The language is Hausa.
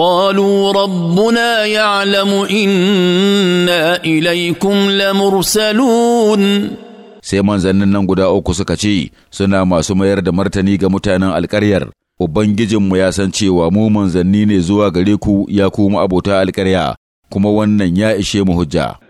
قالوا ربنا يعلم إنا إليكم لمرسلون sai manzannin nan guda uku suka ce suna masu mayar da martani ga mutanen alkaryar ubangijinmu ya san cewa mu manzanni ne zuwa gare ku ya kuma abota alkarya kuma wannan ya ishe mu hujja